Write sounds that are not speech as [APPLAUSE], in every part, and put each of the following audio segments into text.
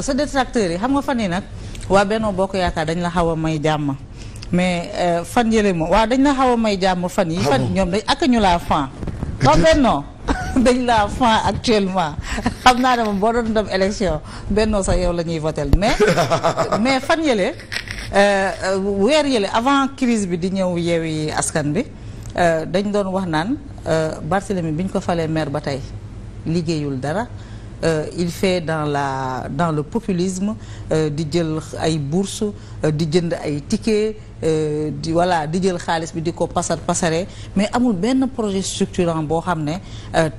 parce que détracteurs yi xam nga fan yi nag waa Benno Bokk Yaakaar dañ la xaw a may jàmm mais euh, fan yële moom waa dañ la xaw a may jàmm fan yi fan ñoom dañ ak ñu laa fan waa Benno [LAUGHS] dañ laa fan actuellement xam naa ne moom boo doon dem élection Benno sax yow la ñuy votel mais [LAUGHS] mais fan yële euh, weer yële avant crise bi di ñëw yeewi askan bi euh, dañ doon wax naan Barthélemy bi ñu ko falee maire ba tey liggéeyul dara Euh, il fait dans la dans le populisme euh, di jël ay bourse euh, di jënd ay ticket di voilà di jël xaalis bi di ko pasar pasare mais amul benn projet structurant boo xam ne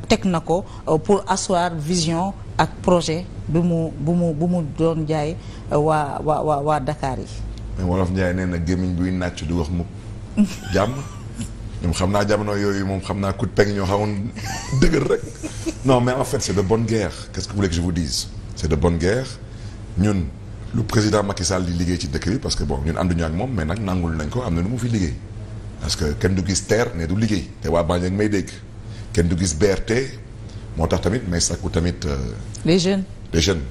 teg na ko pour asseoir vision ak projet bu mu bu mu bu mu doon jaay waa waa waa waa Dakar yi. mais wolof Njaay nee na gémmiñ buy nàcc du wax mukk jàmm. [LAUGHS] ñoom xam naa jamono yooyu moom xam naa coup de peigne ñoo xawoon dëgër rek no mais en fait c'est de bonne guerre qu'est-ce que vous voulez que je vous dise c'est de bonne guerre ñun lu président Macky Sall di liggéey ci dëkk bi parce que bon ñun ànduñu ak moom mais nag nangul nañ ko am na lu mu fi liggéey parce que kenn du gis TER ne du liggéey te waa Banque may dégg kenn du gis BRT moo tax tamit may sàkku tamit. Euh, les jeunes les jeunes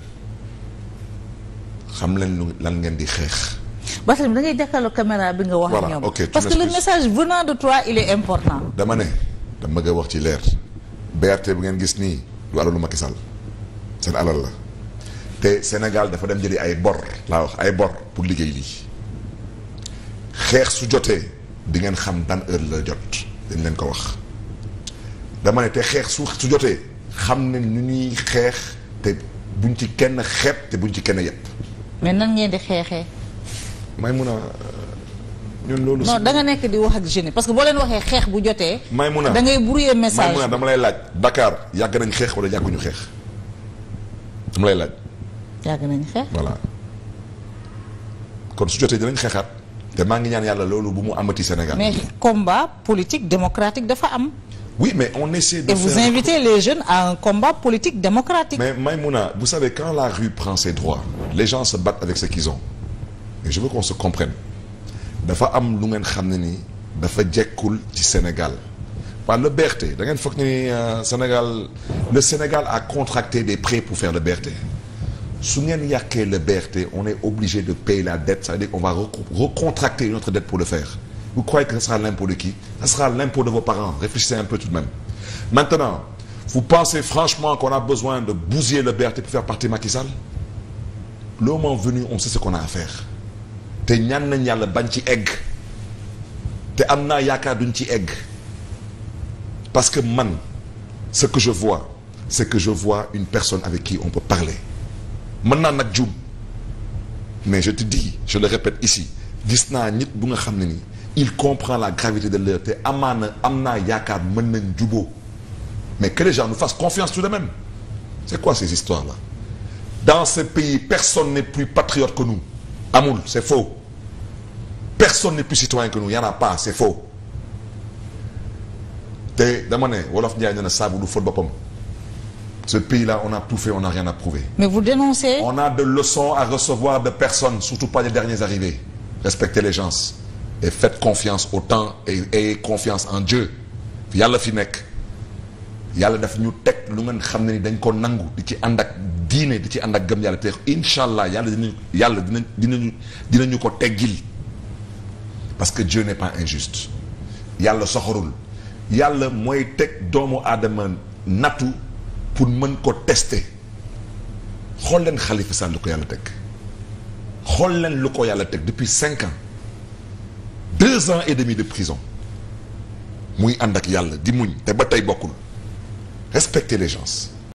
xam leen lu lan ngeen di xeex. Barthélémy da ngay jàkkaarloo caméra bi nga wax ak ñoom parce que le message venant de toi il est important dama ne dama bëgg wax ci leer BRT bi ngeen gis nii lu alalu Macky Sall seen alal la te Sénégal dafa dem jële ay bor laa wax ay bor pour liggéey lii xeex su jotee di ngeen xam ban heure la jot dañ leen ko wax dama ne te xeex su su jotee xam ne ñu ñuy xeex te buñ ci kenn xeeb te buñ ci kenn yépp mais nan ngeen di xeexee may Maymuna euh, ñun loolu. non da nga nekk di wax ak jeunes parce que boo leen waxee xeex bu jotee. Maymuna da ngay brouiller message Maymuna dama lay laaj. Dakar yàgg nañ xeex wala yàgguñu xeex dama lay laaj. yàgg nañ xeex voilà. kon su jotee dinañ xeexaat te maa ngi ñaan yàlla loolu bu mu amati Sénégal. mais combat politique démocratique dafa am. oui mais on essaie de. et les jeunes à un combat politique démocratique. mais Maïmouna vous savez quand la rue prend ses droits les gens se battent avec ce mais je veux qu'on se comprenne dafa am lu ngeen xam ne ni dafa jekkul ci Sénégal par le BRT da ngeen foog ni euh, Sénégal le Sénégal a contracté des prêts pour faire le BRT su ngeen yàqee le BRT on est obligé de payer la dette c'est-à-dire qu'on va recontracter une autre dette pour le faire vous croyez que ce sera l'impôt de qui ce sera l'impôt de vos parents réfléchissez un peu tout de même maintenant vous pensez franchement qu'on a besoin de bousiller le BRT pour faire partir Macky Sall le moment on sait ce qu'on te ñaan nañ yàlla bañ ci egg te am naa yaakaar duñ ci egg parce que man ce que je vois c'est que je vois une personne avec qui on peut parler mën naa nag juum mais je te dis je le répète ici gis naa nit bu nga xam ne nii il comprend la gravité de l'heure te amaana am naa yaakaar mën nañ juboo mais que les gens nous fassent confiance tout de même c'est quoi ces histoires là dans ce pays personne n'est plus patriote que nous amul c'est faux personne n'est plus citoyen que nous y en a pas c'est faux te dama ne wolof Ndiaye nee na saabu du fóot boppam ce pays-là on a tout fait on n'a rien à prouver. mais vous dénoncez. on a de leçons à recevoir de personne surtout pas les derniers arrivés respectez les gens et faites confiance au temps et ayez confiance en Dieu yàlla fi nekk yàlla daf ñu teg lu ngeen xam ne ni dañ ko nangu di ci ànd ak diine di ci ànd ak gëm yàlla te incha allah yàlla dinañ yàlla dinañ dinañu dinañu ko teggil. parce que Dieu n'est pas injuste yàlla soxorul yàlla mooy teg doomu aadama nattu pour mën ko teste xool leen xalifa Sall lu ko yàlla teg xool leen lu ko yàlla teg depuis cinq ans deux ans et demi de prison muy ànd ak yàlla di muñ te ba tey bokkul respecter les